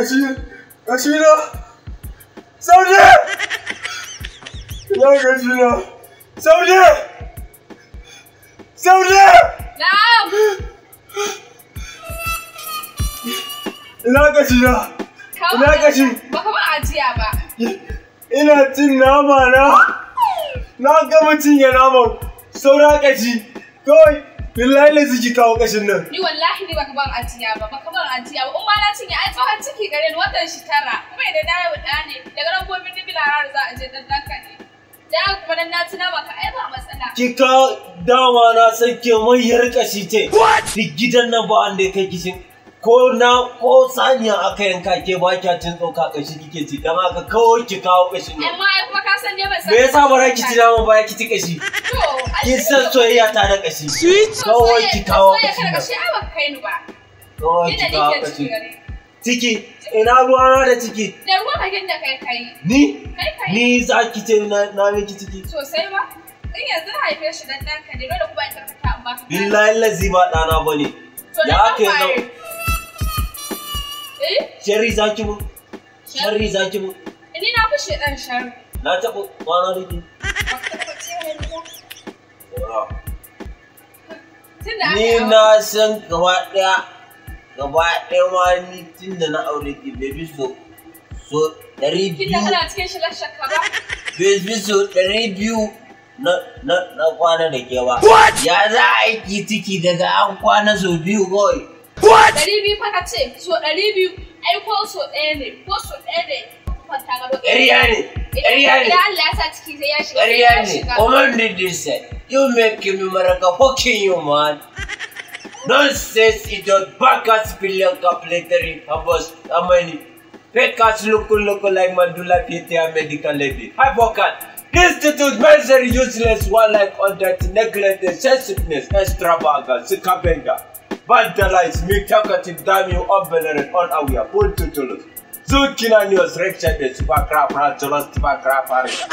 Rashida! Rashida! Saude! Ina Ina Ina Baka ba ajiya ba. Ina cin nama na. Na gama cinye nama Saura kashi. Kawai Billahi ne ziki kawo kashin nan. Ni wallahi ne baka ban ajiya ba, baka ban ajiya ba. Umma na cinye ai ciki gare ni watan shi tara. Kuma idan na yau da ne, daga nan gobe ni bila har za a je dan danka ne. Da kuma dan na tuna baka ai ba matsala. Ki ka dama na sake mai yar kashi ce. What? gidan nan ba an da kai kishin. ko na ko saniya aka yanka ke ba kya tun ɗauka ƙashi kike ci dama ka kawai ki kawo ƙashi ne. Amma kuma ka san ne ba san. Me yasa ba za ki ci dama ba ya ki ci ƙashi? Ki san soyayya ta da ƙashi. Kawai ki kawo ƙashi. Soyayya ƙashi a ba kai ni ba. Kawai ki kawo ƙashi. Ciki ina ruwa na da ciki. Da ruwa ka da kai kai. Ni? Ni za ki ce na na miki ciki. Sosai ba. in yanzu haife shi dan ka ne dole ku ba ki karfata amma Billahi lazima ba ɗana ba ne. Ya ake zama. Jerry eh? zaki mun. Sharri zaki Ni na fi shedan sharri. Na taɓa kwana ni. na san gaba ɗaya gaba ma ni tun na aure ki baby so ɗari biyu. kana cikin ba. na da Ya za a yi ciki daga an kwana sau biyu kawai. What? Ɗari biyu fa so ɗari biyu, ai post so ɗaya ne, ko so ɗaya ne. Ƙarya did this say, you make me maraga fucking you man. Nonsense idiot, backers billion calculatory, habos, amani. Fakers look look like Mandula PTA medical lady. Hypocat. This dude measure useless one like on that neglected sensitiveness, vandalize mikakati dami obelere on awia ponto tolos zukina news recture the supercraft rat tolos supercraft harika